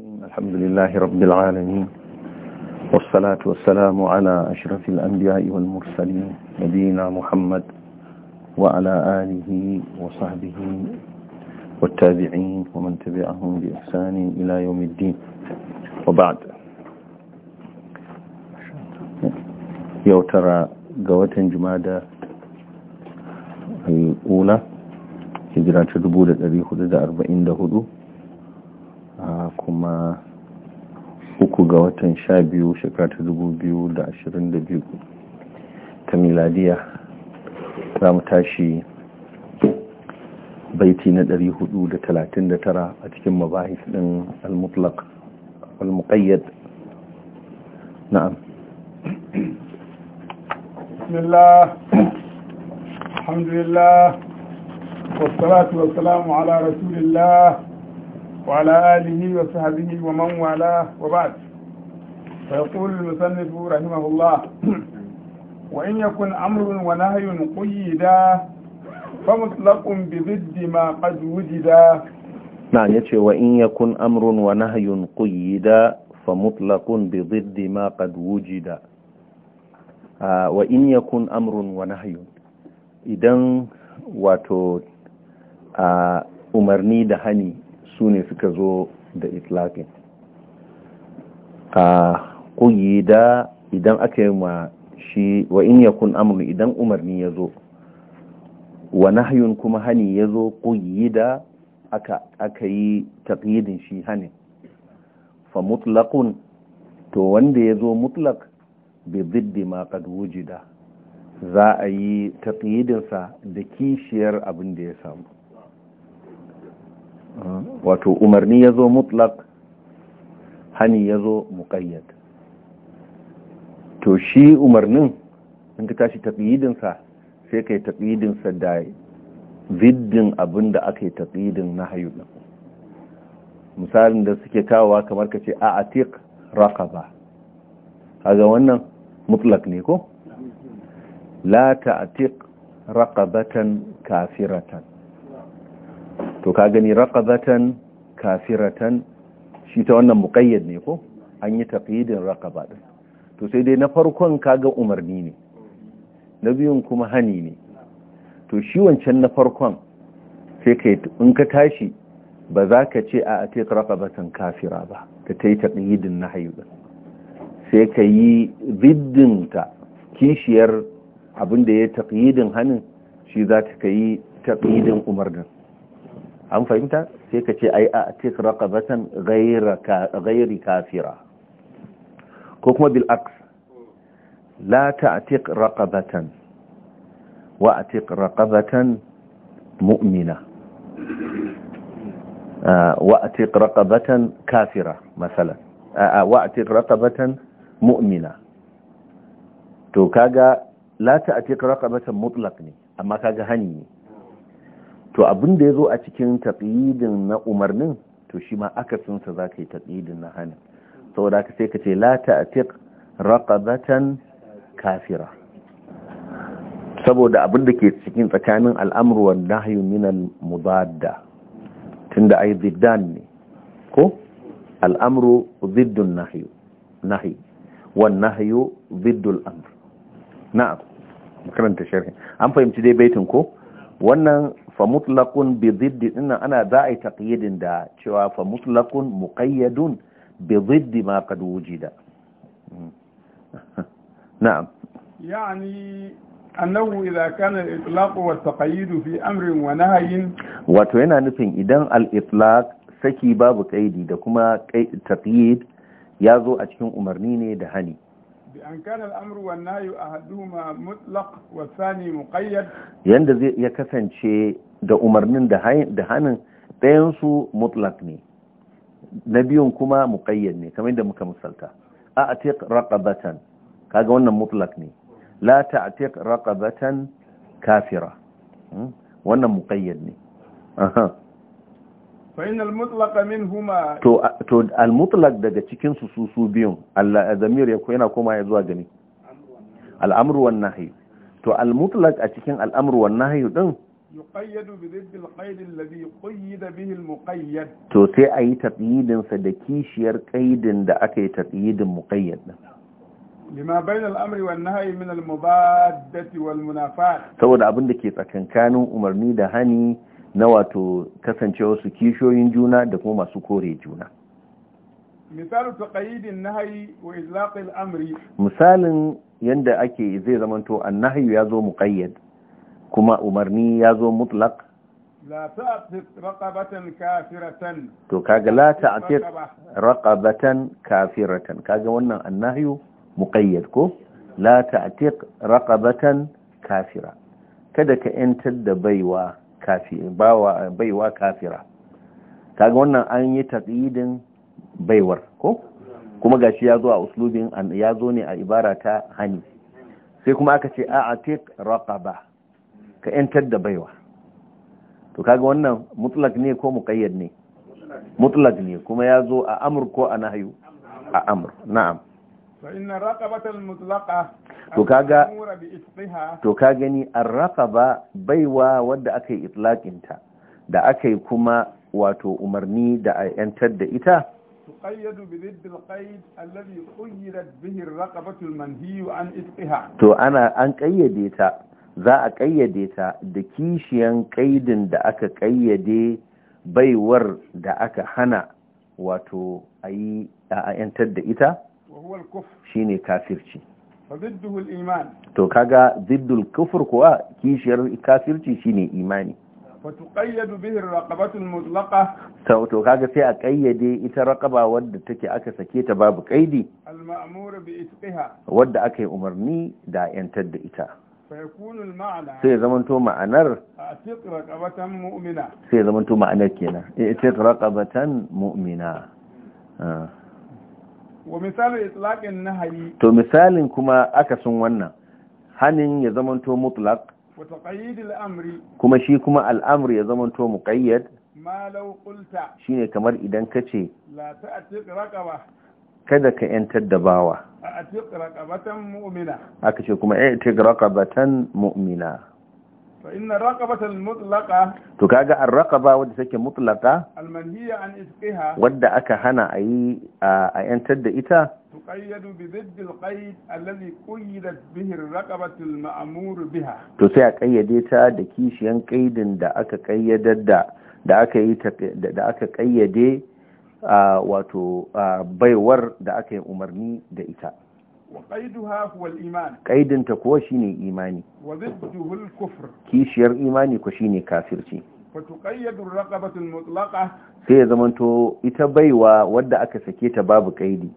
الحمد لله رب العالمين والصلاة والسلام على أشرف الأنبياء والمرسلين نبينا محمد وعلى آله وصحبه والتابعين ومن تبعهم بإحسان إلى يوم الدين وبعد يوترى قوة جمادة الأولى هجرات دبولة أبي خدد أربعين دهدو kuma uku ga watan sha biyu shekara ta dubu biyu da ashirin da biyu ta miladiya za mu tashi baiti na ɗari hudu da talatin da tara a cikin mabahis ɗin al-mutlaq al-muqayyad na'am bismillah alhamdulillah والصلاة والسلام على ala الله وعلى آله وصحبه ومن والاه وبعد فيقول المصنف رحمه الله وإن يكن أمر ونهي قيدا فمطلق بضد ما قد وجدا نعم يتشي وإن يكن أمر ونهي قيدا فمطلق بضد ما قد وجدا آه وإن يكن أمر ونهي إذن واتو آه umarni da hani su ne suka zo da itlaƙin a da idan aka yi ma shi wa in ya kun amru idan umarni ya zo wa hayun kuma hani ya zo da aka yi taƙidin shi hani fa mutlaƙun to wanda ya zo mutlaƙ bi diddi ma wujida za a yi taƙidinsa da kishiyar abin da ya samu wato umarni ya zo mutlak hani ya zo muƙayyad to shi umarnin in ka tashi taƙidinsa sai ka yi taƙidinsa da ziddin abin da aka yi taƙidin na misalin da suke kawowa kamar ka ce a atiq raqaba haga wannan mutlak ne ko la ta atiq raqabatan kafiratan to ka gani raqabatan kafiratan shi ta wannan muqayyad ne ko an yi taqyidin raqaba din to sai dai na farkon ga umarni ne na biyun kuma hani ne to shi wancan na farkon sai kai in ka tashi ba za ka ce a atiq raqabatan kafira ba ka tai taqyidin na din sai ka yi ziddinta kishiyar abin da ya taqyidin hanin shi za ta yi taqyidin umarnin an fahimta sai ka ce ai a tik raqabatan ghairi kafira ko kuma bil aks la ta'tiq raqabatan wa atiq raqabatan mu'mina ah, wa atiq raqabatan kafira masalan ah, ah, wa atiq raqabatan mu'mina to kaga la ta'tiq raqabatan mutlaq ne amma kaga hani ne to abin da ya zo a cikin taƙidin na umarnin to shi ma akasinsa za ka yi taƙidin na hannun saboda ka sai ka ce la ta'tiq raqabatan kafira saboda abin da ke cikin tsakanin al'amru wa nahyu min al-mudadda tunda ai ziddan ne ko al'amru ziddun nahyu nahyi wan nahyu ziddul amr na'am makaranta sharhi an fahimci dai baitin ko wannan fa mutlaqun bi ana za a yi taqyidin da cewa fa mutlaqun muqayyadun bi ziddi ma annahu wa taqayyid fi amrin wa wato yana nufin idan al saki babu kaidi da kuma taqyid ya zo a cikin umarni ne da hani بأن كان الأمر والنهي أحدهما مطلق والثاني مقيد da umarnin da hannun ɗayansu mutlak ne na biyun kuma muƙayyar ne kamar yadda muka misalta a tek raƙabatan kaga wannan mutlak ne la tek raƙabatan kafira hmm? wannan muƙayyar ne to al-mutlak daga cikinsu su su biyun Allah zamir ya yana koma ya zuwa gani al'amru wan haihu. to al mutlak a cikin al'amru wan haihu din يقيد بضد القيد الذي قيد به المقيد تو sai ayi taqyidin sa da kishiyar qaidin da aka yi taqyidin muqayyad din lima bayna al-amri wan nahyi min al-mubaddati wal munafat saboda abin da ke tsakankanin umarni da hani na wato kasancewa su kishiyoyin juna da kuma masu kore juna misalu taqyidin nahyi wa izlaq al-amri misalin yanda ake zai zamanto a nahyu ya zo muqayyad kuma umarni ya zo mutlak to kaga la ta'tiq raqabatan kafiratan kaga wannan annahyu muqayyad ko la ta'tiq raqabatan kafira kada ka yantar da baiwa kafi bawa baiwa kafira kaga wannan an yi taqyidin baiwar ko kuma gashi ya zo a uslubin ya zo ne a ibara ta hani sai kuma aka ce a'tiq raqaba ka ‘yantar da baiwa to kaga wannan mutlak ne ko muƙayyar ne mutlak ne kuma ya zo a amur ko a nahayu a amur na'am to kaga to an raka an baiwa wadda aka yi itlaƙinta da aka yi kuma wato umarni da a ‘yantar da ita To ana an ƙayyade ta. za a ƙayyade ta da kishiyan ƙaidin da aka ƙayyade baiwar da aka hana wato a yi a'yantar da ita shi ne kafirci to kaga ziddul kufur kuwa kishiyar kafirci shi ne imani to kaga sai a ƙayyade ita raƙaba wadda take aka sake ta babu ƙaidi wadda aka yi umarni da 'yantar da ita sai to ma'anar sai to ma'anar kenan ita raqabatan mu'mina wa misalin itlaqin nahyi to misalin kuma aka sun wannan hanin ya zamanto mutlaq wa amri kuma shi kuma "Al'amur ya zamanto muqayyad ma law qulta shine kamar idan kace la ta'tiq raqaba kada ka yantar da bawa aka ce kuma ya eh, ce raqabatan mu'mina fa inna raqabatal mutlaka. to kaga an raqaba wadda take mutlaka? Almanhiya an isqiha Wadda aka hana ayi a yantar da ita tuqayyadu bi dhidd al-qayd alladhi quyyidat bihi ar al-ma'mur biha to sai a ƙayyade ta da kishiyan kaidin da aka kayyadar da da aka yi da aka ƙayyade. wato baiwar da aka yi umarni da ita ƙaidinta kuwa shine imani kishiyar imani shi shine kafirci sai ya zamanto ita baiwa wadda aka sake ta babu ƙaidi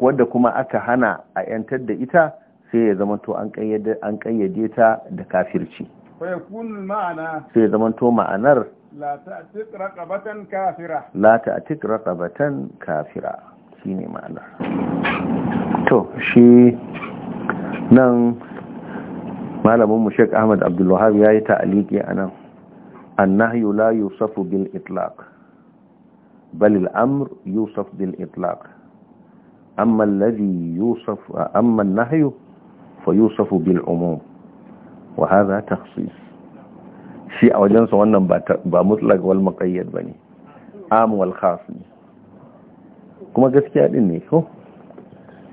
wadda kuma aka hana a 'yantar da ita sai ya zamanto an ƙayyade ta da kafirci sai ya zamanto ma'anar لا تأتك رقبة كافرة لا تأتك رقبة كافرة تو شي نن مالم الشيخ أحمد عبد الوهاب يا تعليقي أنا النهي لا يوصف بالإطلاق بل الأمر يوصف بالإطلاق أما الذي يوصف أما النهي فيوصف بالعموم وهذا تخصيص shi a wajensa wannan ba mutlak wal makayyar ba ne amu wal khas ne kuma gaskiya din ne ko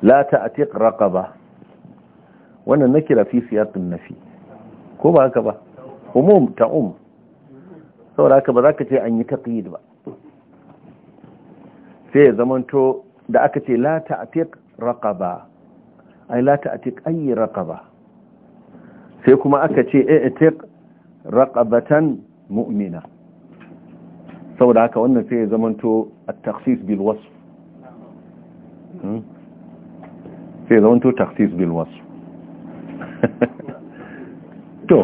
la ta'tiq raqaba wannan kira fi siyaqin nafi ko ba haka ba umum ta um saboda haka ba za ka ce an yi taqyid ba sai zamanto da aka ce la ta'tiq raqaba ai la ta'tiq ayi raqaba sai kuma aka ce teku. raqabatan mu'mina saboda haka wannan sai ya zamanto at-takhsis bil wasf hmm? sai ya zamanto takhsis bil wasf to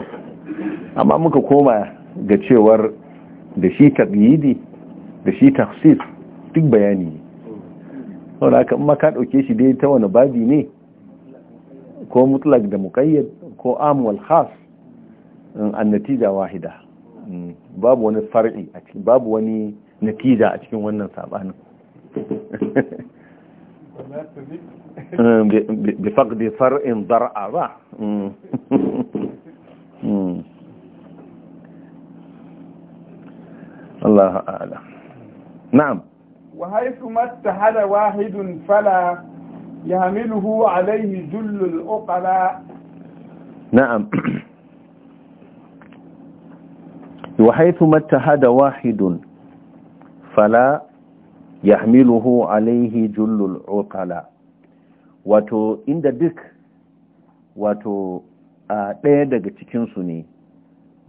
amma muka koma ga cewar da shi tabyidi da shi takhsis duk bayani ne saboda haka in ka dauke shi dai ta wani babi ne ko mutlak da muqayyad ko am wal khas an natija wahida mm. babu wani far'i a cikin babu wani natija a cikin wannan sabanin mm, bi faqdi far'in dar'a ba الله أعلم نعم وحيث ما اتحد واحد فلا wa haithu mattahada wahidun fala yahmiluhu alaihi jullul uqala wato inda duk wato a ɗaya daga cikinsu ne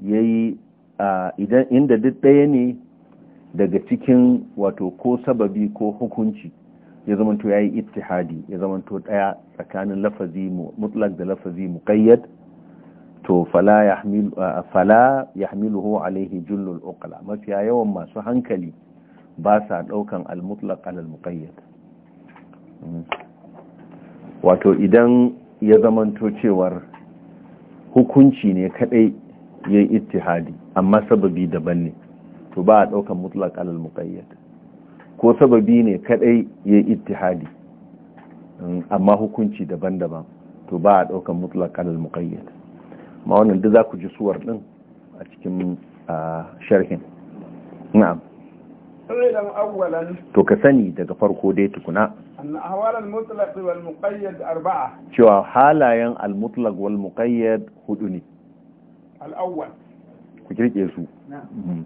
ya yi inda duk ɗaya ne daga cikin wato ko sababi ko hukunci ya zamanto ya yi ittihadi ya zamanto ɗaya tsakanin lafazi mutlak da lafazi muƙayyad to fala ya uh, Alayhi, alaihi jullul uqla mafiya yawan masu hankali ba sa daukan al-mutlaq al-muqayyad hmm. wato idan ya zamanto cewar hukunci ne kadai yayin ittihadi amma sababi daban ne to ba a daukan mutlaq al-muqayyad ko sababi ne kadai yayin ittihadi hmm, amma hukunci daban-daban to ba a daukan mutlaq al-muqayyad ma wannan duk za ku ji suwar din a cikin sharhin na'am to ka sani daga farko dai tukuna arba'a cewa halayen almutlak wal muqayyad hudu ne al ku kirke su mm.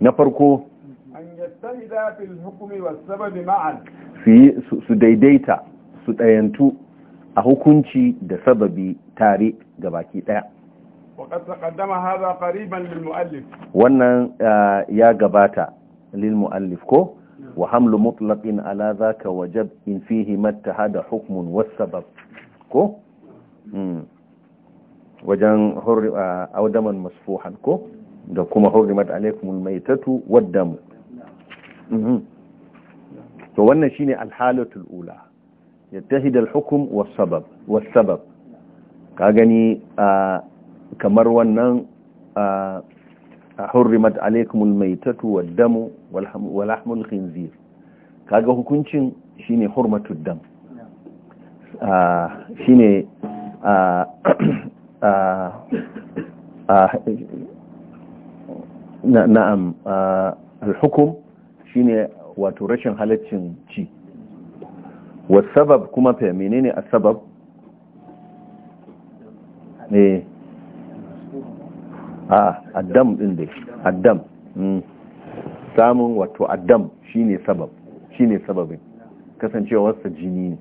na farko an yastahida fil hukumi was sababi ma'an su daidaita su dayantu a hukunci da sababi tare ga baki daya wannan ah, ya gabata lil muallif ko wa hamlu mutlaqin ala zaka wajab in fihi hada hukmun wasu sabab ko hmm. wajen audaman ah, masfuhan ko da kuma hurrimat alaikumul maitatu wadda mu mhm. to wannan shine al-halatul ula yattahid al-hukm was-sabab was-sabab kamar wannan hurrimat alaykum al-maytatu damu wal-lahmul kaga hukuncin shine hurmatud dam shine na'am al-hukm shine wato rashin halaccin ci wasabab kuma fa menene asbab eh a addam din dai addam hmm. samun wato addam shine sabab shine sababin kasancewarsa jini ne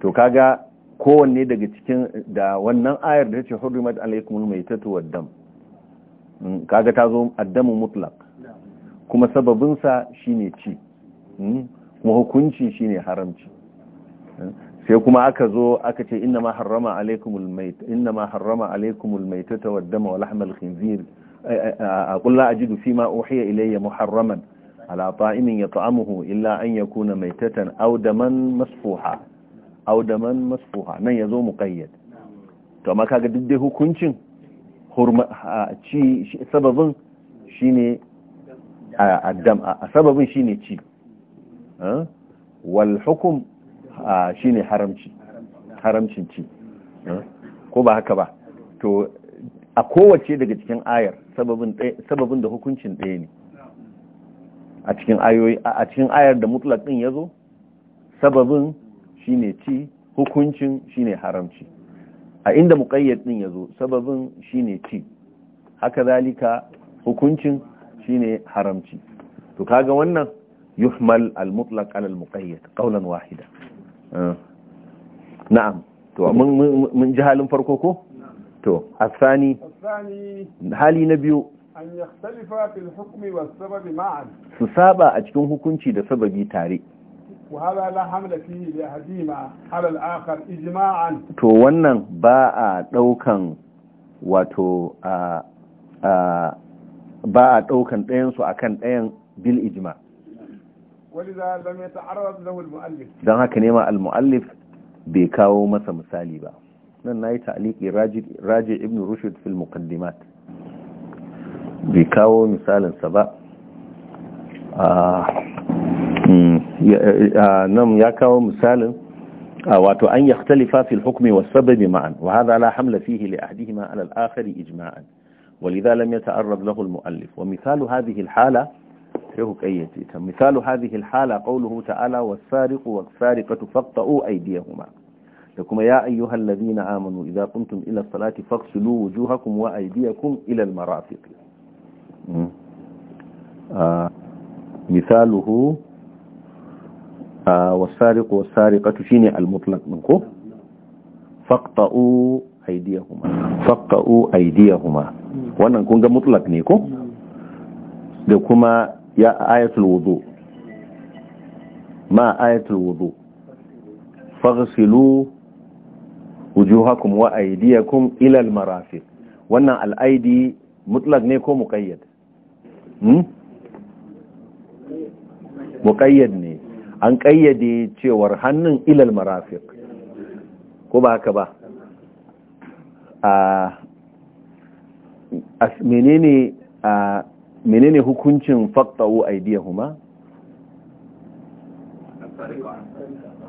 to kaga kowanne daga cikin da wannan ayar da ta ce hurrimat alaikumul maitatu waddam hmm, kaga ta zo addamu mutlaq kuma sababinsa shine ci hmm. kuma hukunci shine haramci sai kuma aka zo aka ce inna ma harrama alaikumul mait inna ma harrama alaikumul maitata wad dama wal lahmal khinzir a la ajidu ma uhiya ilayya muharraman ala ta'imin yat'amuhu illa an yakuna maitatan aw daman masfuha aw daman masfuha nan yazo muqayyad to amma kaga duk dai hukuncin hurma ci shine a sababin shine ci Eh? wal hukum ah, shine haramci haramcin ci eh? ko ba haka ba to a kowace daga cikin ayar sababin da hukuncin ɗaya ne a cikin ayoyi a cikin ayar da mutlaq din yazo sababin shine ci hukuncin shine haramci a inda muqayyad din yazo sababin shine ci haka zalika hukuncin shine haramci to kaga wannan yuhmal al على المقيد al واحدا نعم wahida na'am to mun ji halin farko ko to asani hali na biyu an yakhtalifa fil saba a cikin hukunci da sababi tare وهذا لا حمل فيه لأهديما على الاخر اجماعا تو ونن a ba a daukan dayan ɗayansu akan ɗayan bil ijma' ولذا لم يتعرض له المؤلف اذا هكا نيما المؤلف بيكاو مسا مثالي با نن ناي تعليق راجع ابن رشد في المقدمات بيكاو مثالا سبا اه نم يا كاو مثالا واتو ان يختلفا في الحكم والسبب معا وهذا لا حمل فيه لاحدهما على الاخر اجماعا ولذا لم يتعرض له المؤلف ومثال هذه الحاله sai ku kayyace ta misalu hadhihi alhala qawluhu ta'ala was-sariqu was-sariqatu faqta'u aydiyahuma da kuma ya ayyuhal ladina amanu idza qumtum ila as-salati faghsilu wujuhakum wa aydiyakum ila al-marafiq hmm. ah, misaluhu ah, was-sariqu was-sariqatu shine al-mutlaq din ko faqta'u aydiyahuma faqta'u aydiyahuma wannan kun ga mutlaq ne ko hmm. da kuma ya ayatul wudu ma ayatul wudu faghsilu wujuhakum wa aydiyakum ila al-marafiq wannan al-aidi ne ko muqayyad hmm ne an kayyade cewar hannun ilal al ko ba haka ba a menene a menene hukuncin faqta'u aydiyahuma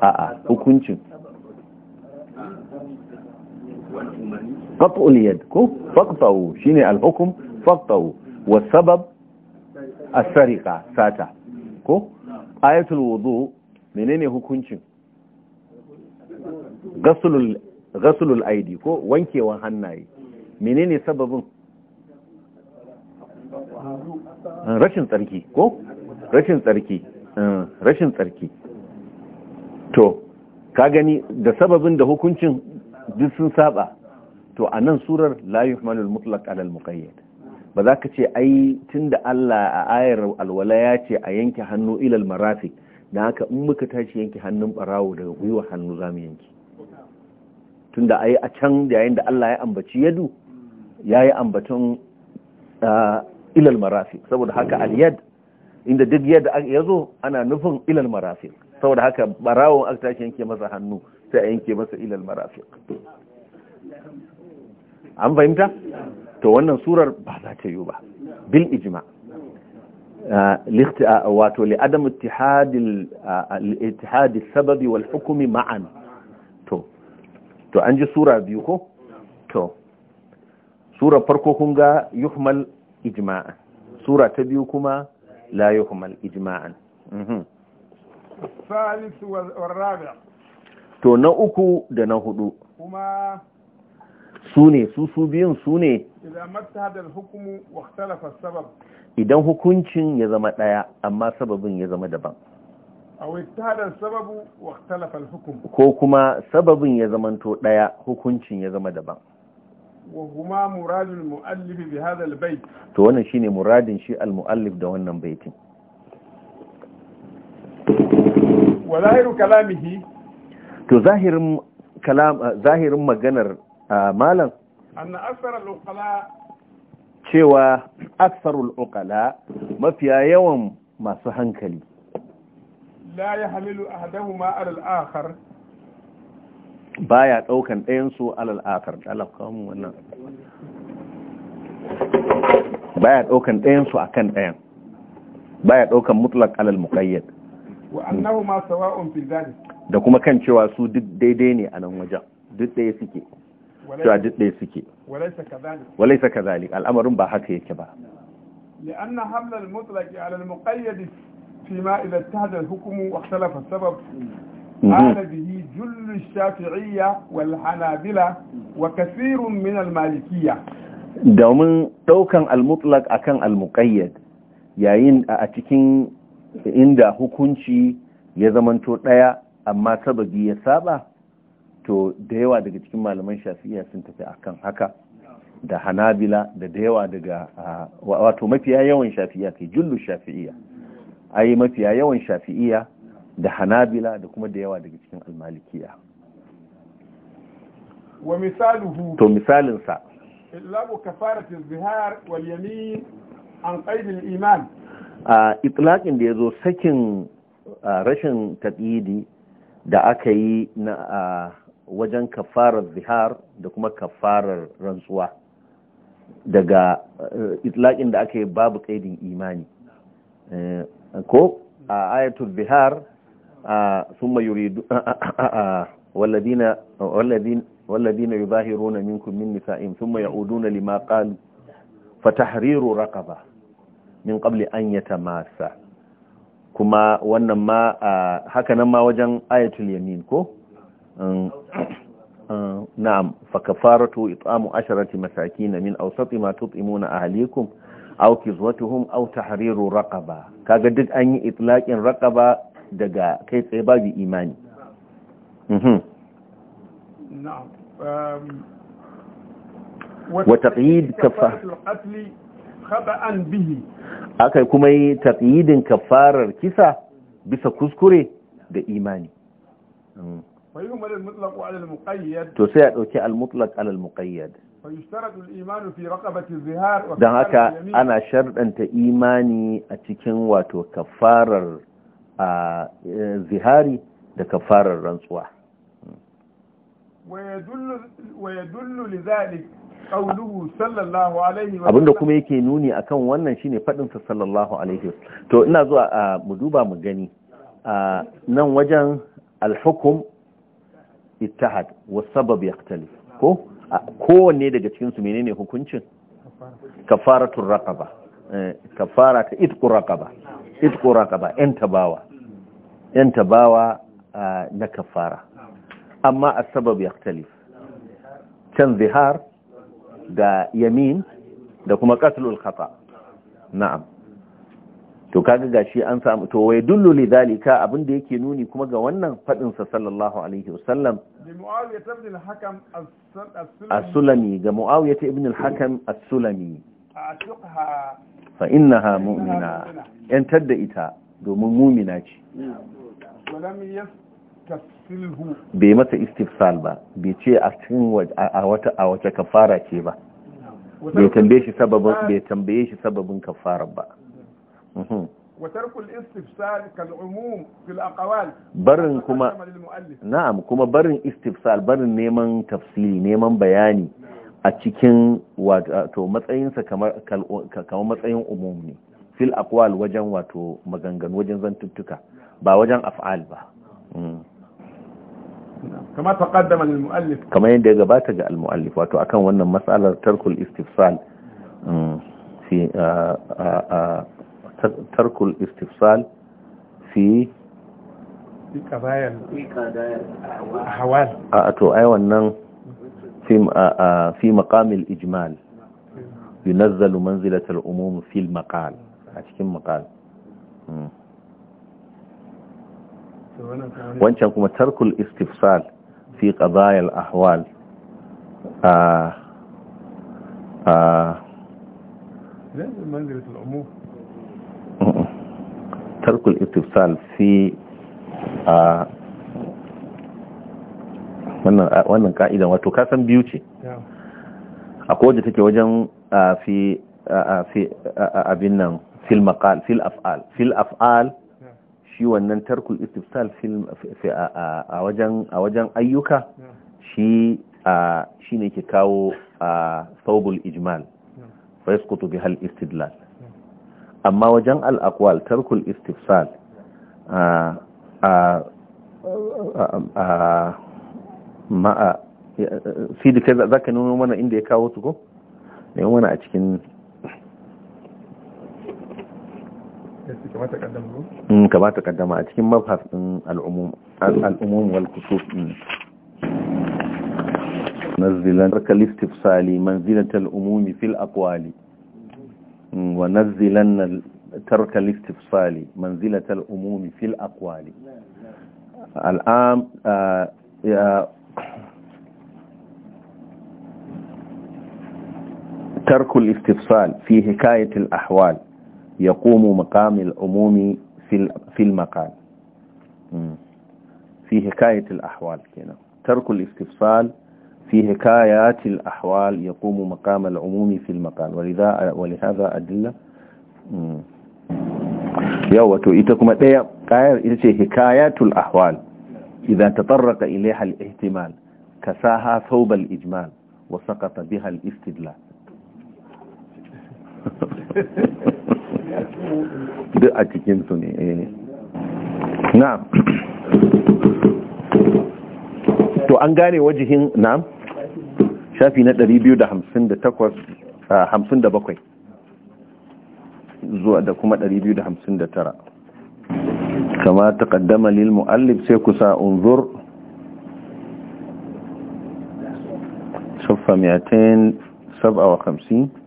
a'a hukuncin qat'u al ko faqta'u shine al-hukm faqta'u was-sabab as sata ko ayatul wudu menene hukuncin gasulul ghaslul aidi ko wankewan hannaye menene sababin rashin tsarki ko rashin tsarki eh, rashin tsarki to ka gani da sababin da hukuncin duk sun saba to a nan surar layu manul mutlak alal muqayyad ba za ka ce ai tunda Allah a ayar alwala ya ce a yanke hannu ilal marafik, marafiq dan haka in muka tashi yanke hannun barawo daga gwiwa hannu za mu yanke tunda ai a can yayin da Allah ya ambaci yadu yayi ambaton ah, ilal marafi saboda haka aliyad inda duk yadda ya zo ana nufin ilal marafi saboda haka barawon aka tashi yanke masa hannu sai a yanke masa ilal marafi an fahimta to wannan surar ba za ta yi ba bil ijma ah, ah, wato li adam itihadi ah, sababi wal hukumi ma'an to an ji sura biyu ko to sura farko kun ga yuhmal ijma'an sura ta biyu kuma la yuhmal ijma'an salis mhm. rabi' to na uku da na hudu kuma su ne su su biyun su ne idan hukuncin ya zama daya amma sababin ya zama daban ko kuma sababin ya zamanto daya hukuncin ya zama daban وهما مراد المؤلف بهذا البيت to wannan shine muradin shi al-muallif da wannan baitin walahiru kalamihi to zahirin kalam ah, zahirin maganar ah, malam anna aktharul uqala cewa aktharul uqala mafiya yawan masu hankali la yahmilu ahaduhuma ala al-akhar baya daukan ɗayan su alal akhar Allah kamu wannan baya daukan ɗayan su akan ɗayan baya daukan mutlaq alal muqayyad wa sawa'un da kuma kan cewa su duk daidai ne a nan wajen duk ɗaya suke cewa duk ɗaya suke walaisa kadhalik al'amarin ba haka yake ba لأن حمل المطلق على المقيد فيما إذا اتحد الحكم واختلف السبب Mhm. قال به wa الشافعية والحنابلة وكثير من المالكية domin daukan al-mutlaq akan al-muqayyad yayin a cikin inda hukunci ya zamanto ɗaya amma sababi ya saba to da yawa daga cikin malaman shafi'iyya sun tafi akan haka da hanabila da da yawa daga wato mafiya yawan shafi'iyya kai jullu shafi'iyya ai mafiya yawan shafi'iyya da hanabila da kuma da yawa daga cikin almalikiya wa misaluhu to misalinsa itlabu kafarat az-zihar wal yamin an qaid al-iman a itlaqin da yazo sakin rashin taqidi da aka yi na wajen kafarar zihar da kuma kafarar rantsuwa daga itlaqin da aka yi babu qaidin imani eh, ko a ayatul Bihar. ثم يريد والذين والذين والذين يظاهرون منكم من نسائهم ثم يعودون لما قال فتحرير رقبه من قبل ان يتماس كما wannan ma hakanan ma wajen ayatul yamin ko na'am fakafaratu it'amu asharati masakin min awsati ma tut'imuna ahlikum aw kizwatuhum aw tahriru raqaba kaga duk an yi itlaqin raqaba daga kai tsaye babu imani mhm. um, aka kuma yi taƙidin kafarar kisa bisa kuskure da imani mhm. to a ɗauki al-mutlaq al haka ana sharɗanta imani a cikin wato kafarar a eh, zihari da kafarar rantsuwa abinda kuma yake nuni akan wannan shine faɗinsa sallallahu alaihi to ina zuwa a mu duba mu gani a nan wajen alhukum ittihad sabab yaktalif ko kowanne daga cikin su menene hukuncin kafaratul raqaba eh, kafara ta itqu raqaba itqu raqaba yan tabawa yanta bawa na kafara amma a sabab ya can zihar da yamin da kuma katlul kafa na'am to kaga gashi an samu to wai dullu li zalika abinda yake nuni kuma ga wannan fadin sallallahu alaihi wasallam as-sulami ga muawiya ibn al-hakam as fa'in na ha mu'mina yantar da ita domin mumina ce bai masa istifsal ba bai ce a cikin a wata kafara ce ba bai tambaye shi sababin tambaye shi sababin kafara ba mhm. barin kuma na'am kuma barin istifsal barin neman tafsiri neman bayani a cikin wato matsayinsa kamar matsayin umum ne fil aqwal wajen wato maganganu wajen zantuttuka ba wajen af'al ba mm. kama taqaddama lil muallif kama yadda ya gabata ga al muallif wato akan wannan mas'alar tarkul istifsal mm. fi tarkul istifsal fi a to ai wannan fi maqamil ijmal ينزل منزلة الأموم في المقال a cikin maqal hmm. wancan kuma tarkul istifsal fi qadaya al-ahwal a ah, ah. tarkul istifsal fi a ah, wannan ka'idan wato kasan biyu ce a kowace take wajen fi abin nan fil maqal fil af'al fil af'al shi wannan tarkul istifsal fil a wajen a wajen ayyuka shi a shi ne ke kawo thawbul ijmal fa yasqutu biha al istidlal amma wajen al aqwal tarkul istifsal ma'a fi da zaka nuno mana inda ya kawo su ko ne mana a cikin كما تقدم له كما تقدم مبحث العموم العموم والكسوف نزل ترك الاستفصال منزلة العموم في الأقوال ونزل ترك الاستفصال منزلة العموم في الأقوال الآن ترك الاستفصال في حكاية الأحوال يقوم مقام العموم في في المقال في حكاية الأحوال كنا ترك الاستفصال في حكايات الأحوال يقوم مقام العموم في المقال ولذا ولهذا أدلة يوتو إتكم حكايات الأحوال إذا تطرق إليها الاحتمال كساها ثوب الإجمال وسقط بها الاستدلال duk a cikin su ne eh. na to an gane wajihin na shafi na 257 zuwa da kuma 259 kama ta kaddama lil mu'allif sai kusa unzur صفة 257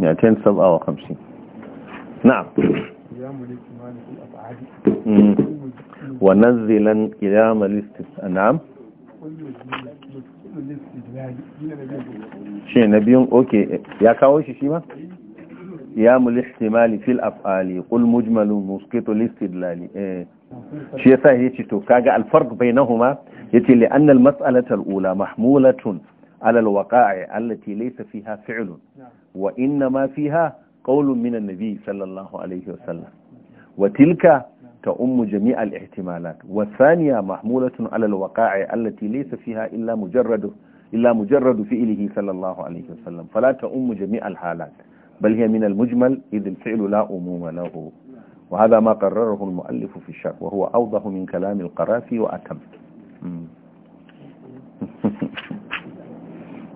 مئتين نعم قيام shi na biyun oke ya kawo shi shi ba ya ihtimali fil af'ali qul mujmalun musqitu listidlali eh shi yasa yace to kaga al farq bainahuma yace li anna al mas'alata al ula mahmulatun ala al waqa'i allati laysa fiha fi'lun وإنما فيها قول من النبي صلى الله عليه وسلم وتلك تؤم جميع الاحتمالات والثانية محمولة على الوقائع التي ليس فيها إلا مجرد إلا مجرد فعله صلى الله عليه وسلم فلا تؤم جميع الحالات بل هي من المجمل إذ الفعل لا أموم له وهذا ما قرره المؤلف في الشرح وهو أوضح من كلام القرافي وأتم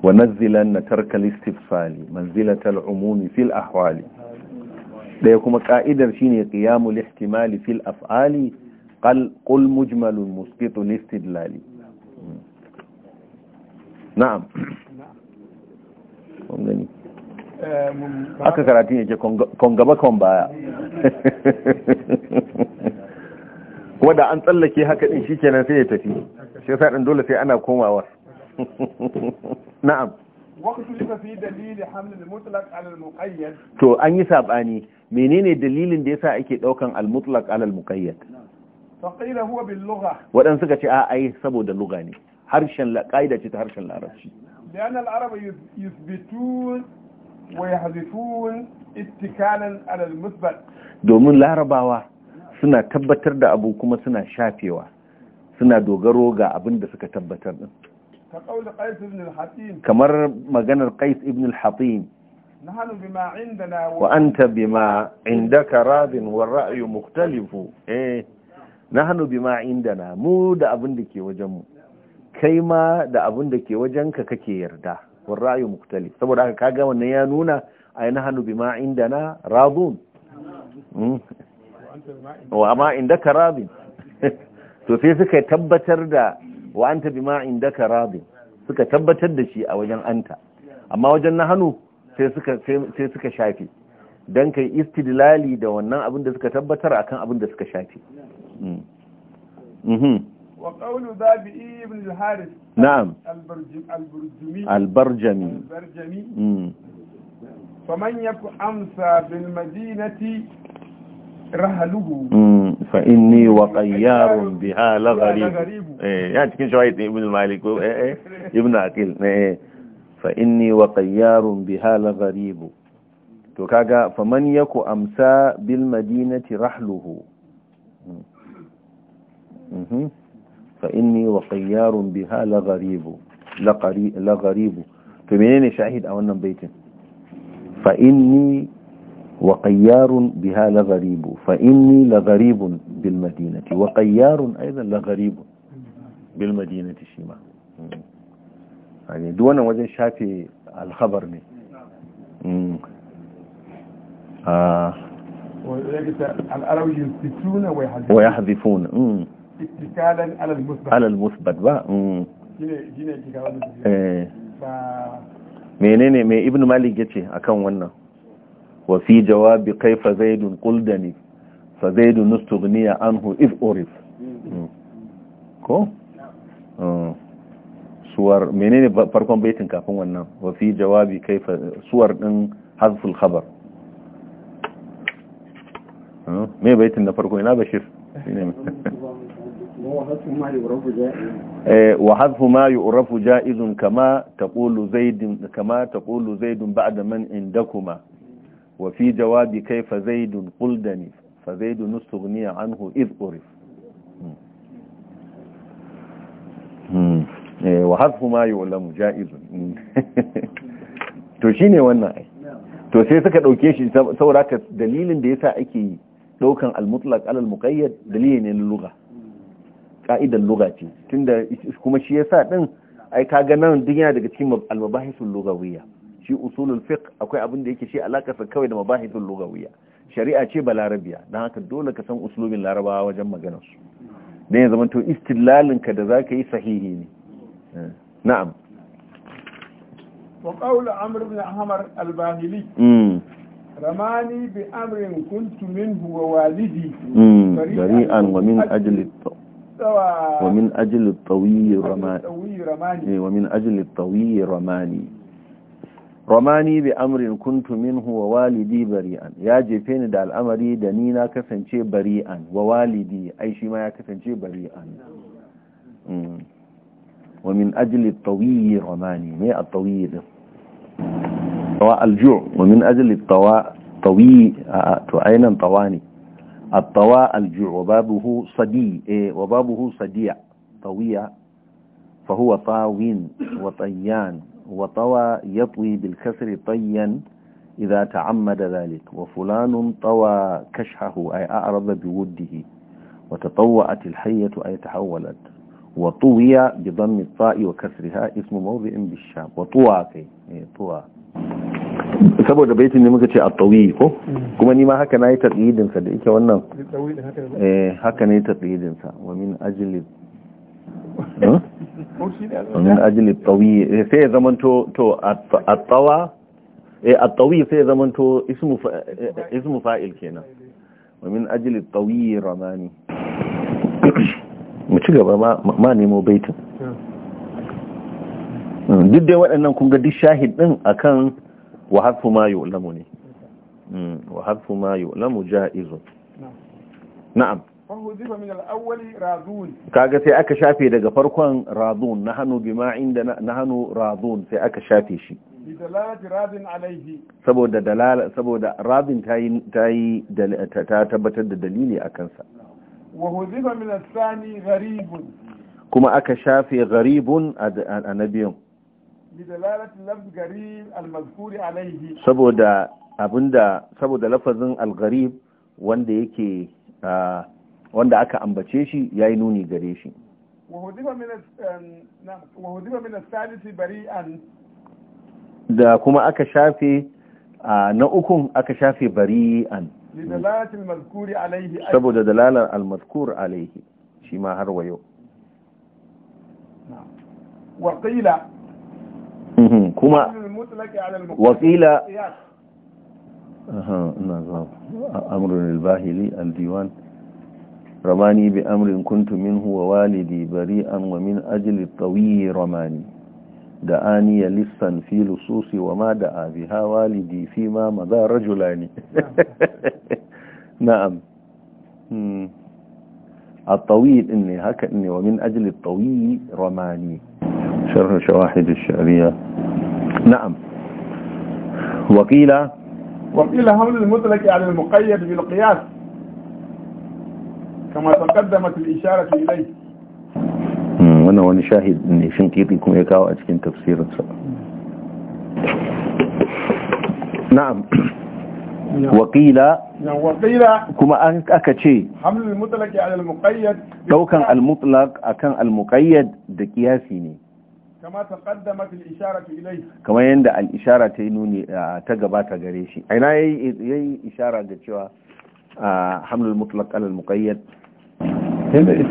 ونزلن ترك الاستفصال منزلة العموم في الأحوال ده ya kuma ka'idar قيام الاحتمال في fil قل قل مجمل مسقط الاستدلال نعم na'am wannan karatu ne ke kongaba kon baya kuma an tsallake haka din shi kenan sai ya tafi sai sa din dole sai ana komawa na'am to an yi sabani menene dalilin da yasa ake daukan al-mutlaq ala al-muqayyad faqila huwa bil lugha wadan suka ce a ai saboda lugha ne harshen qaida ce ta harshen larabci Al-Arabu yuthbitun wa يثبتون ittikalan ala al المثبت domin larabawa suna tabbatar da abu kuma suna shafewa suna dogaro ga abin da suka tabbatar din kamar maganar qais ibn al-hatim nahnu bima indana wa anta bima indaka radin wa ra'yu mukhtalifu eh nahnu bima indana mu da abin da ke wajen mu kai ma da abin da ke wajen ka kake yarda wa ra'yu saboda haka kaga wannan ya nuna ay nahnu bima indana radun hmm. wa ma indaka radin to sai suka tabbatar da wa anta bima indaka rabin suka tabbatar da shi a wajen anta amma wajen na hannu sai suka sai suka shafe dan kai istidlali da wannan abin da suka tabbatar akan abin da suka shafe mhm wa qawlu zabi ibn al-harith na'am al-barjami al-barjami mm. faman yaku amsa bil madinati rahaluhu fa inni wa qayyarun biha la gharib eh ya cikin malik eh aqil eh fa inni wa qayyarun biha la gharib to kaga faman yaku amsa bil madinati rahluhu to menene shahid a wannan baitin fa وقيار بها لغريب فإني لغريب بالمدينة وقيار أيضا لغريب بالمدينة شيما يعني دون وزن شافي الخبر ني آه. ويحذفون اتكالا على المثبت على المثبت بقى menene mai ibn malik yace akan wannan وفي جواب كيف زيد قلدني فزيد نستغني عنه إذ أرف كو suwar menene farkon baitin kafin wannan wa fi jawabi suwar din hazful khabar me baitin na farko ina bashir wa hazfu ma yu'rafu ja'izun kama taqulu zaidun kama zaidun ba'da man indakuma وفي جواب كيف زيد قلدني فزيد نستغني عنه إذ أرف وحذف ما يعلم جائز to shine wannan ai to sai suka dauke shi sauraka dalilin da yasa ake daukan al-mutlaq al-muqayyad dalili ne na lugha ka'idar lugha ce tunda kuma shi yasa din ai kaga nan duniya daga cikin al-mabahisul lughawiyya shi usulul fiqh akwai abin da yake shi sa kawai da mabahithul lugawiyya shari'a ce balarabiya don haka dole ka san usulubin larabawa wajen maganar su dan ya zamanto istilalin ka da zaka yi sahihi ne eh, na'am wa qawlu amr ibn ahmar al-bahili hmm. ramani bi amrin kuntu minhu wa walidi bari'an hmm, wa min ajli ومن أجل الطويل رماني ومن أجل الطويل رماني romani bi amrin kuntu minhu wa walidi bari'an ya jefe ni da al'amari da ni na kasance bari'an wa walidi ai shi ma ya kasance bari'an mm. wa min ajli tawiyi romani me a tawiyi din tawa aljo wa min ajli tawa tawiyi a to ainan tawa ne a tawa aljo wa babuhu sadi eh wa babuhu sadiya tawiya fa huwa tawin wa tayyan وطوى يطوي بالكسر طيا إذا تعمد ذلك وفلان طوى كشحه أي أعرض بوده وتطوعت الحية أي تحولت وطوي بضم الطاء وكسرها اسم موضع بالشام وطوى كي طوى saboda baitin ne muka ce a tawi ko kuma ni ma haka na yi taɗidinsa da ike wannan haka ne taɗidinsa wa min ajiyar min ajili tawi eh, sai ya zamanto to a tawa eh at-tawi sai zamanto ismu eh, eh, ismu fa'il kenan wa min ajli tawi ramani mu ci gaba ma nemo baitin hmm. Hmm, duk dai waɗannan kun ga duk shahid din akan wa harfu ma yu'lamu ne hmm, wa harfu ma yu'lamu ja'izun na'am kaga sai aka shafe daga farkon razun na hannu bima inda na hannu razun sai aka shafe shi saboda dalala saboda ta yi ta tabbatar da dalili a kansa kuma aka shafe garibun a nabiyan saboda abinda saboda lafazin algarib wanda yake wanda aka ambace shi ya yi nuni gare shi da kuma aka shafe na ukun aka shafe bari an. saboda dalalar al-mazkur alaihi shi ma har wayo waƙila mhm, kuma waƙila ina zuwa amurin al-bahili al-diwan رماني بأمر كنت منه ووالدي بريئا ومن أجل الطويل رماني دعاني لصا في لصوص وما دعا بها والدي فيما مضى رجلاني نعم الطويل إني هكا إني ومن أجل الطويل رماني شرح شواحد الشعرية نعم وقيل وقيل هول المطلق على يعني المقيد بالقياس kama hmm, wannan wani shahid ne shinkiti kuma ya kawo a cikin tafsirinsa na'am waƙila kuma an aka ce ɗaukan al-mutlaq akan al-muqayyad da kiyasi ne Kama yadda al-ishara ta yi nuni ta gabata gare shi aina yayi ishara da cewa hamlul mutlaq al-muqayyad هنا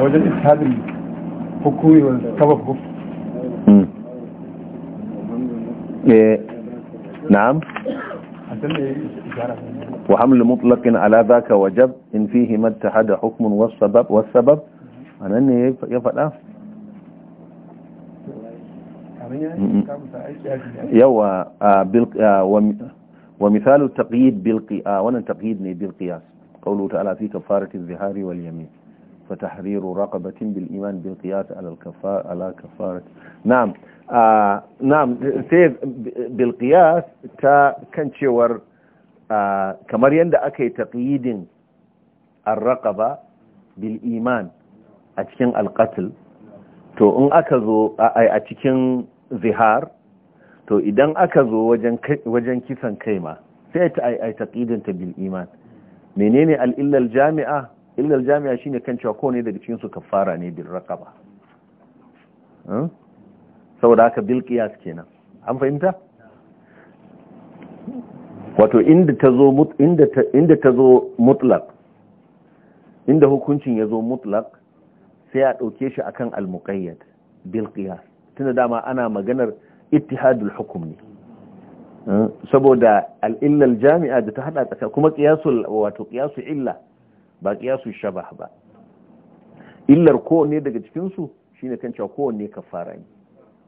اولا الاسهاد الحكومي والسبب إيه. نعم وحمل مطلق على ذاك وجب إن فيه ما اتحد حكم والسبب والسبب أنا أني يفعل يوا آه، آه، ومثال التقييد بالقياس آه، وانا تقييدني بالقياس قوله تعالى في كفارة الظهار واليمين فتحرير رقبة بالإيمان بالقياس على الكفارة على كفارة نعم آه نعم سيف بالقياس تا كان شور آه كمر يندى أكي تقييد الرقبة بالإيمان أتكين القتل تو إن أكذو أي أتكين ظهار to idan aka zo wajen kisan kai ma sai ta ai taƙidinta bil iman menene al'illar jami'a illar jami'a shine kan cewa kowane daga cikin su kafara ne bil raqaba saboda haka bil qiyas kenan an fahimta wato inda tazo inda ta inda tazo mutlaq inda hukuncin yazo mutlaq sai a dauke shi akan al muqayyad bil qiyas tunda dama ana maganar ittihadul hukm ne saboda al'illal jami'a da ta haɗa tsaka kuma kiyasu, wato ƙiyasu illa ba ƙiyasu shaba ba illar kowanne daga cikinsu, shi ne kan cewa kowanne kafara ne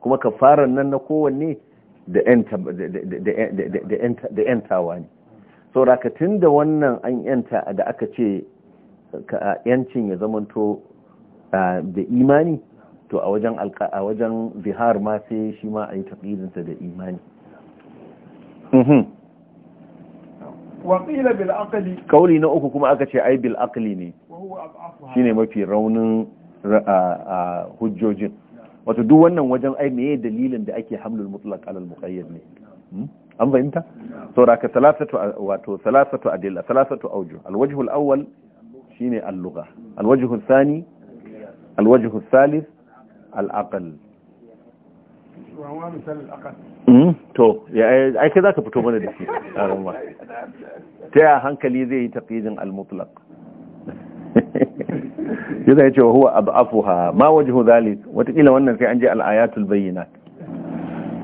kuma kafaran nan na kowanne da yantawa ne saboda ka da wannan an yanta da aka ce yancin ya zamanto da imani to a wajen zihar ma sai shi ma a yi da imani Mhm. waƙila kauli na uku kuma aka ce ai bil akali ne shine mafi raunin hujjojin wato duk wannan wajen ai me dalilin da ake hamlul mutlaq alal muqayyad ne hmm? an fahimta saboda ka salasatu wato salasatu adilla salasatu awju alwajhu alawwal shine al-lugha alwajhu athani alwajhu al Hmm? to ai kai za ka fito mana da shi a rama ta yi hankali zai yi taƙidin al-mutlaq ya zai ce huwa abu'afuha ma wajhu zalik watakila wannan sai an je al'ayatul bayyana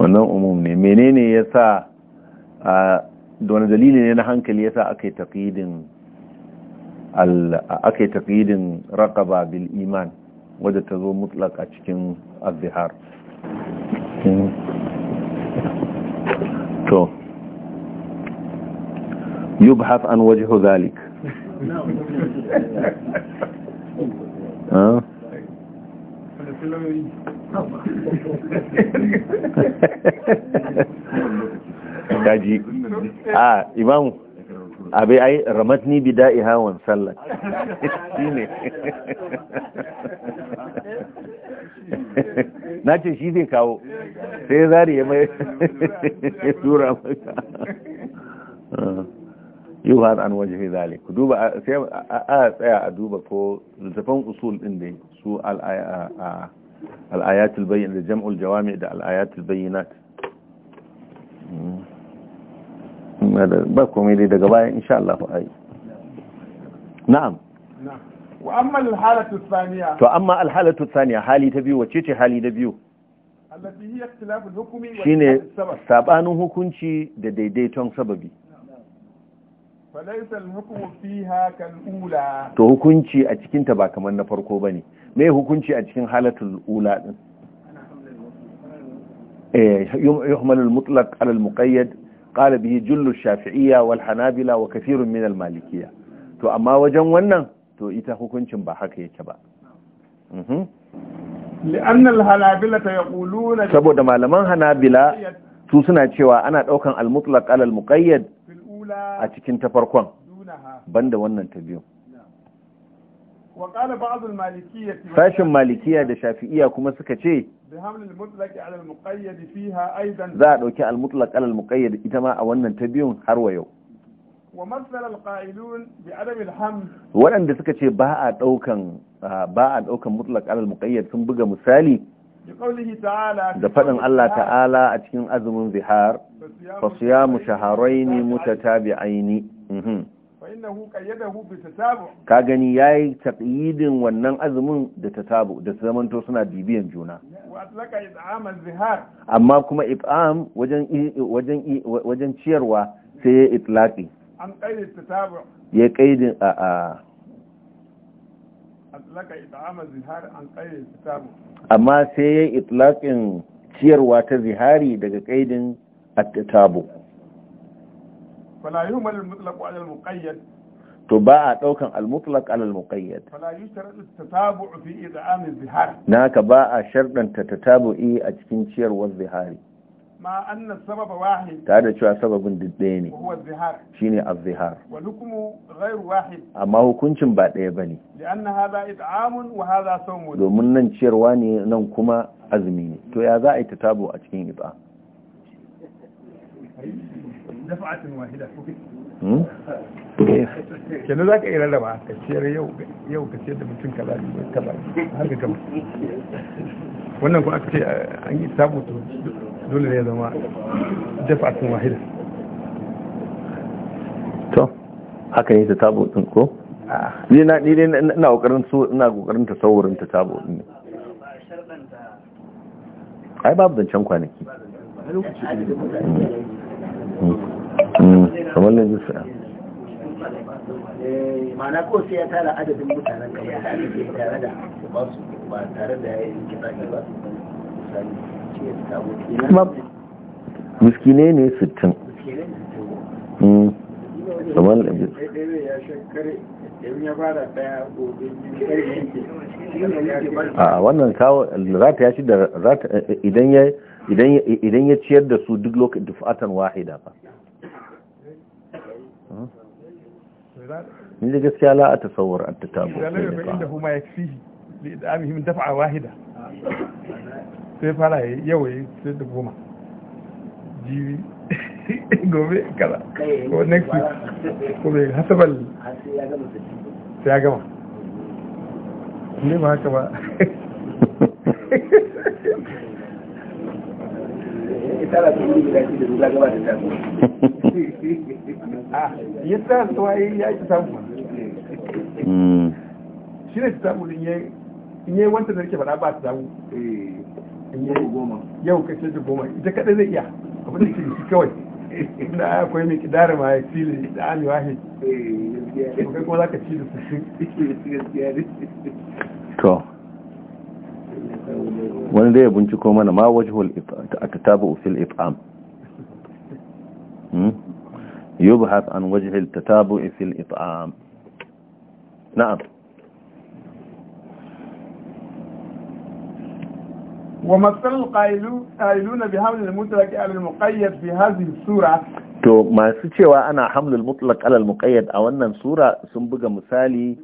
wannan umum ne menene yasa a wani dalili ne na hankali ya sa aka yi taƙidin raƙaba bil iman wadda ta zo mutlaq a cikin azhar Hmm. to yubhaf an wajhu zalik daji a ah, imamu abai ai ramatni bida'i hawan sallah shine na ce shi zai kawo sai ya zari ya mai tura maka uh, yi har an waje zali ku duba sai a tsaya a duba ko littafan usul din da su al'ayatul bayyin da jam'ul jawami da al'ayatul bayyinat hmm. ba komai dai daga bayan insha Allah fa'ai na'am wa amma alhalatu thaniya to amma alhalatu thaniya hali ta biyu wace ce hali da biyu shine sabanin hukunci da daidaiton sababi to hukunci a cikin ba kamar na farko ne me hukunci a cikin halatul ula din eh yuhmal almutlaq ala almuqayyad qala bihi jullu shafiiyya wa kathirun min al-malikiyya to amma wajen wannan to ita hukuncin ba haka yake ba mhm. li'annal hanabila saboda malaman hanabila su suna cewa ana ɗaukan al-mutlaq alal muqayyad a cikin ta farkon banda wannan ta biyu sashin malikiya da shafi'iya kuma suka ce za a ɗauki almutlak alal muƙayyar ita ma a wannan ta biyun har wa yau waɗanda suka ce ba a ɗaukan ba a ɗaukan mutlaq alal muqayyad sun buga misali da faɗin Allah ta'ala a cikin azumin zihar fa siyamu shahrayn aini. Mhm. ka gani ya yi taƙidin wannan azumin da ta tabo. da zamanto suna bibiyan juna amma kuma it'am wajen ciyarwa sai ya itlaƙi ya kaidin a a amma sai ya itlaqin ciyarwa ta zihari daga kaidin al to ba a ɗaukan al alal muqayyad fala fi zihar naka ba a sharɗanta tatabu'i a cikin ciyarwar zihari ta da cewa sababin duk ɗaya ne shi ne azihar amma hukuncin ba ɗaya ba ne domin nan ciyarwa ne nan kuma azumi ne to ya za a yi tatabo a cikin it'a dafa'atin hmm? kenan za ka yi rarraba ka ciyar yau ka ciyar da mutum ka kaza kaza har ka gama wannan ko aka ce an yi samu to dole ne zama dafa'atun wahida to haka ne ta tabo din ko ni na ni ina kokarin su ina kokarin ta saurin ta tabo din ai babu kwanaki hmm. Hmm. kamar mana ko sai ya tara adadin mutanen kamar da tare da ba tare da ya yi kitaki ba miskine ne sittin hmm. a wannan kawo rata ya shi da rata idan ya ciyar da su duk lokacin dufatan wahida ba hmm. ni da gaskiya la a tasawar a ta tabo sai fara ya yawa ya sai da goma jibi gobe kada ko next week ko bai hasabal sai ya gama ne ba haka ba ya tara ya ci ah, samu hmm. shi ne ci samu ne yi wancan da rike ba ta samu eh. yau ka ce da goma ita kaɗai zai iya abin da ke shi kawai na akwai mai kidara ma ya fili da ami wahid kai kuma za ka ci da to wani zai binciko mana ma wajhul tatabu fil if'am يبحث عن وجه التتابع في الإطعام نعم ومثل القائلون بحمل المطلق على المقيد في هذه السورة to masu cewa ana hamlul mutlaq alal muqayyad a wannan sura sun buga misali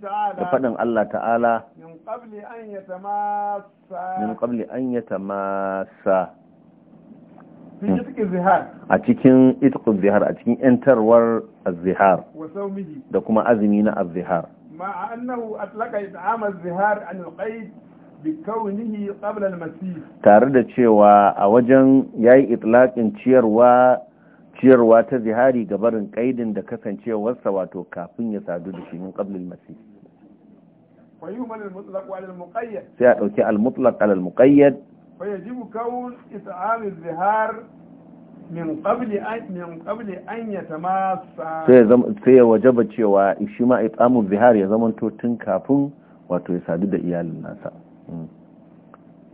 da fadin Allah ta'ala min qabli an yatamassa min qabli an yatamassa a cikin itqul zihar a cikin yantarwar az-zihar da kuma azumi na zihar ma annahu atlaqa it'am az an al tare da cewa a wajen ya yi ciyarwa ciyarwa ta zihari ga barin kaidin da kasancewarsa wato kafin ya sadu da shi min qabla al sai a ɗauki al-mutlaq ala sai ya waje ya wajaba cewa shi ma itsamu zihar ya zama tun kafin wato ya sadu da iyalin nasa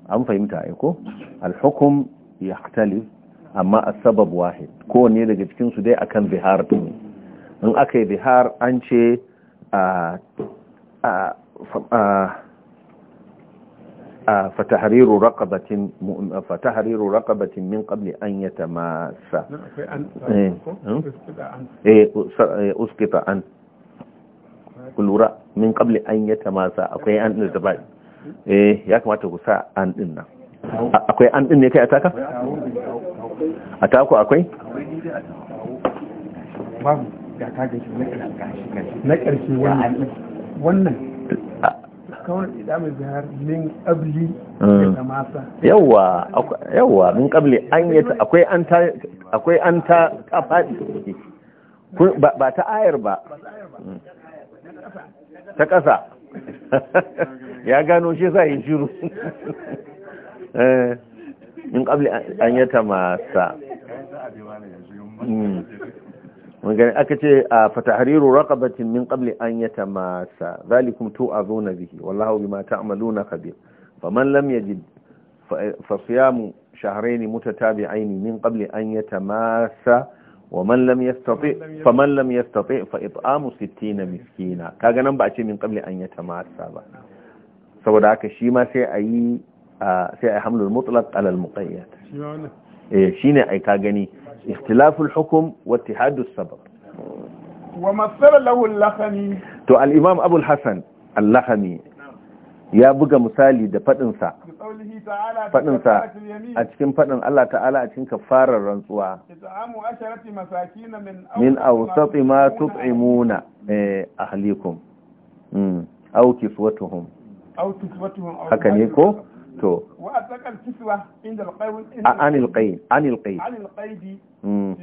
an fahimta aiko alhukum ya hatali amma a sabab wahid kowane daga cikinsu dai akan bihar ne in aka yi bihar an ce a fatahariru raƙabatin min ƙabli an ya tamasa eh, hmm? eh, eh, uskita an kulura min qabli an ya tamasa akwai an da eh ya kamata ku sa an din nan akwai an din ne kai a taka a taku akwai na karshe wannan kawai idamu bihar min ƙabli hmm. da masa yawwa yawwa min ƙabli an yi akwai an ta akwai an ta kafaɗi ba ta ayar ba ta ƙasa ya gano shi sa yi shiru eh, in ƙabli an yi ta masa hmm. gani aka ce a hariru rakabatin min ƙabli an yatamasa zalikum tu'azuna bihi wallahu na ta'maluna fa man lam yajid fa siyamu shahrayn aini min ƙabli an masa ومن لم يستطيع فمن لم يستطيع فإطعام 60 مسكينا kaga nan ba a ce min qabli an yatamassa ba saboda haka shi ma sai ayi sai ayi hamlul mutlaq ala al muqayyad eh shine ai ka gani ikhtilafu al hukm wa ittihadu sabab wa mathala lahu al lakhami to al imam abu al hasan al lakhami ya buga misali da faɗinsa faɗinsa a cikin faɗin Allah ta'ala a cikin kafarar rantsuwa min awsati ma tub'imuna eh, ahlikum hmm. aw kiswatuhum haka ne ko to anil qayd anil qayd hmm.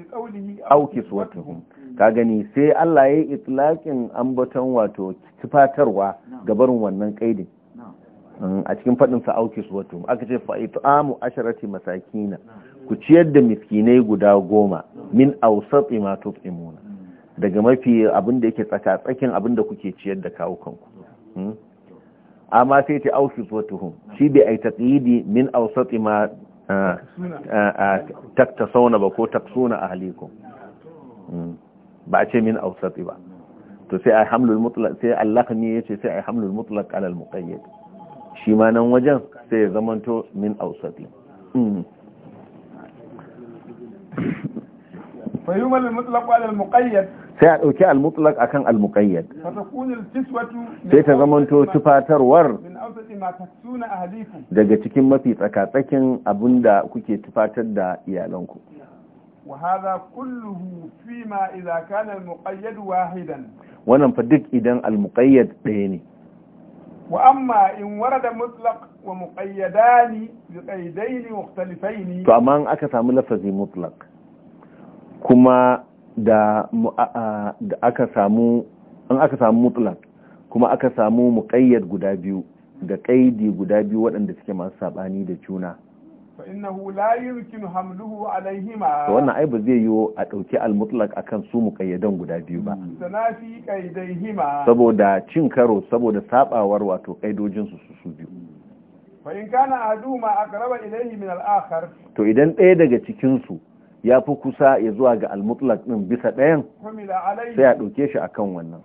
aw kiswatuhum ka gani sai Allah ya yi itlaqin ambaton wato tufatarwa ga barin wannan kaidin Mm, a cikin faɗin sa auki su wato aka ce amu asharati masakina ku ciyar da miskinai guda goma min awsati ma tut'imuna daga mafi abin da yake tsaka tsakin abin da kuke ciyar da kawo kanku mm? amma sai ta auki su hum shi bai ai taqidi min awsati ma taktasawna ba ko taksuna ahlikum mm. ba a ce min awsati ba to sai ai hamlul mutlaq sai Allah ne yace sai ai hamlul mutlaq ala al muqayyad shi ma nan wajen sai ya zamanto min ausafi. Mm. sai a dauki al-mutlaq akan al-muqayyad sai ta zamanto tufatarwar daga cikin mafi tsakatsakin abinda kuke tufatar da iyalanku وهذا كله فيما إذا كان المقيد واحدا ونفدك إذن المقيد ديني وأما إن ورد مطلق ومقيدان بقيدين مختلفين فأما أكا سامو لفظي مطلق كما دا, دا أكا سامو أن أكا سامو مطلق كما أكا سامو مقيد قدابيو da kaidi guda biyu waɗanda suke masu saɓani da juna wannan ai ba zai yiwu a ɗauki almutlak akan su muƙayyadan guda biyu ba hmm. saboda cin karo saboda sabawar wato kaidojinsu su su biyu hmm. fa'in kana aduma aqraba ilayhi min al to idan ɗaya daga cikinsu su ya fi kusa ya zuwa ga almutlak ɗin bisa ɗayan sai a ɗauke shi akan wannan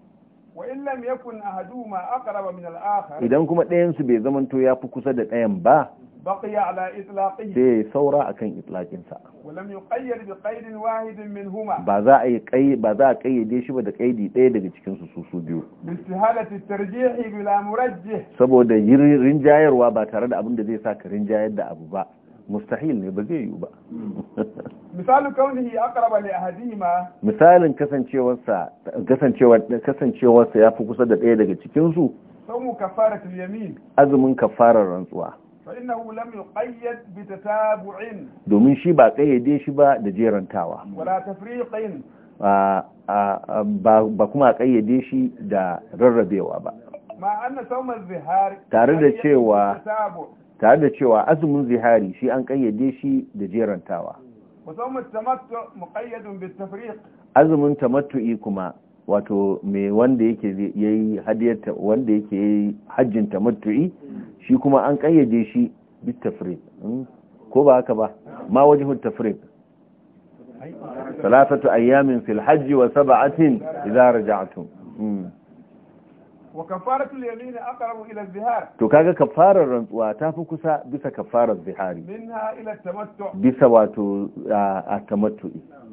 idan kuma ɗayansu bai zamanto ya fi kusa da ɗayan ba baqiya ala itlaqihi sai saura akan itlaqin sa walam yuqayyad bi qaidin wahidin minhuma ba a ba za a kayyade shi ba da kaidi ɗaya daga cikin su su biyu istihalati tarjih bila murajjih saboda rinjayarwa ba tare da abin da zai sa ka rinjayar da abu ba mustahil ne ba zai yi ba misalin kaunihi aqraba li ahadihima misalin kasancewarsa kasancewar kasancewarsa kusa da ɗaya daga cikin su saumu kafaratul yamin azumin kafarar rantsuwa فإنه لم يقيد بتتابع دومين شي با قيدين شي با da jerantawa ولا تفريق ba kuma kayyade shi da rarrabewa ba tare da cewa tare da cewa azumin zihari shi an kayyade shi da jerantawa azumin tamattu'i kuma wato mai wanda yake yayi hadiyarta wanda yake yayi hajjin tamattu'i shi kuma an kayyade shi bit tafriq hmm? ko ba haka ba ma wajhu tafriq ثلاثة fil hajji wa sab'atin idza raja'tum wa kafaratul yamin aqrabu ila az-zihar to kaga kafarar rantsuwa tafi kusa bisa kafarar zihari minha ila tamattu bisa wato a tamattu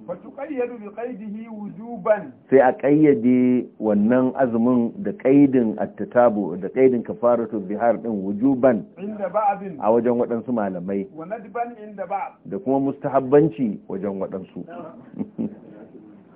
fa tuqayyadu bi qaydihi wujuban sai a kayyade wannan azumin da kaidin at-tatabu da kaidin kafaratul zihar din wujuban inda ba'din a wajen waɗansu malamai wa nadban inda ba'd da kuma mustahabbanci wajen waɗansu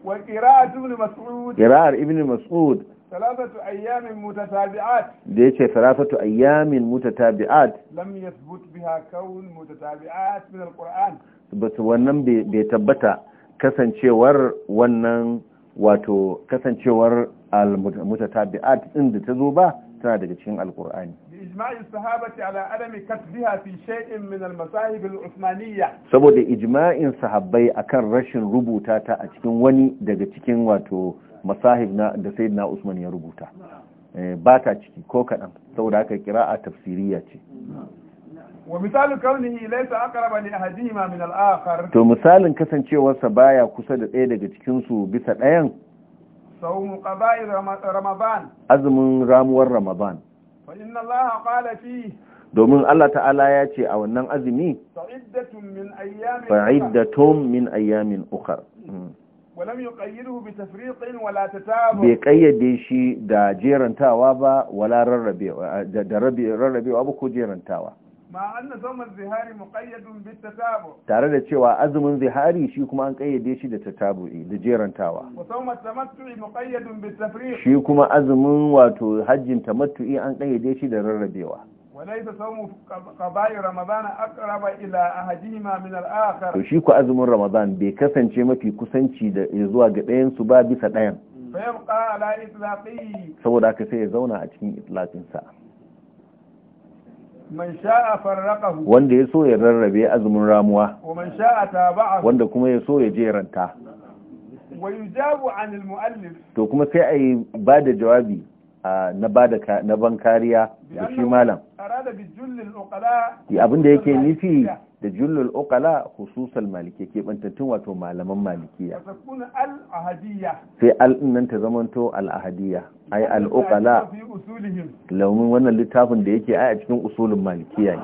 wa qira'atu ibn mas'ud qira'ar ibn mas'ud salatatu ayyamin mutatabi'at da yace salatatu ayyamin mutatabi'at lam yathbut biha kaun mutatabi'at min alquran bata wannan bai tabbata kasancewar wannan wato kasancewar almutatabi'at din da tazo ba tana daga cikin alqur'ani ijma'i sahabati ala adami katbiha fi shay'in min almasahib aluthmaniyya saboda ijma'in sahabbai akan rashin rubuta ta a cikin wani daga cikin wato masahib na da na Usman ya rubuta eh, ba ta ciki ko kadan saboda haka a tafsiriya ce wa misalin kaunihi laysa aqraba li ahadihima min al-akhar to misalin kasancewarsa baya kusa da ɗaya daga cikin su bisa ɗayan sawm qada'i ramadan azumin ramuwar ramadan fa inna allah qala fi domin Allah ta'ala ya ce a wannan azumi fa'iddatun min ayyamin ukhra hmm. bai kayyade shi da jerantawa ba wala rarrabewa ba ko jerantawa tare da cewa azumin zihari shi kuma an kayyade shi da tatabu'i da jerantawa shi kuma azumin wato hajjin tamattu'i an kayyade shi da rarrabewa walaisa saumu qaba'i ramadan ila ahadihima min to shi ku azumin ramadan bai kasance mafi kusanci da zuwa ga ɗayansu ba bisa ɗayan fayabqa ala saboda haka sai zauna a cikin itlaqin sa wanda ya so ya rarrabe azumin ramuwa wanda kuma ya so ya jeranta wa 'anil mu'allif to kuma sai ayi ba da jawabi na na ban kariya da shi malam abinda yake nufi da jullul uqala hususal maliki ke bantattun wato malaman malikiya sai al nan ta zamanto al ahadiyya ai al uqala laumin wannan littafin da yake ai a cikin usulun malikiya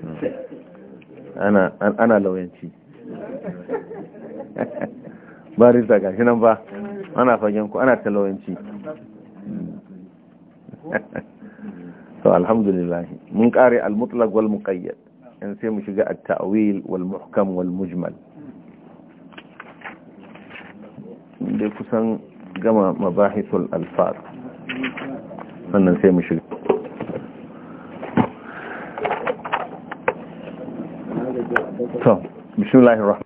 ne hmm. ana ana lauyanci barista shi nan ba ana fagen ku ana talawanci to alhamdulillah mun kare al-mutlaq wal muqayyad in sai mu shiga at-ta'wil wal muhkam wal mujmal da kusan gama mabahithul alfaz sannan sai mu shiga to bismillahir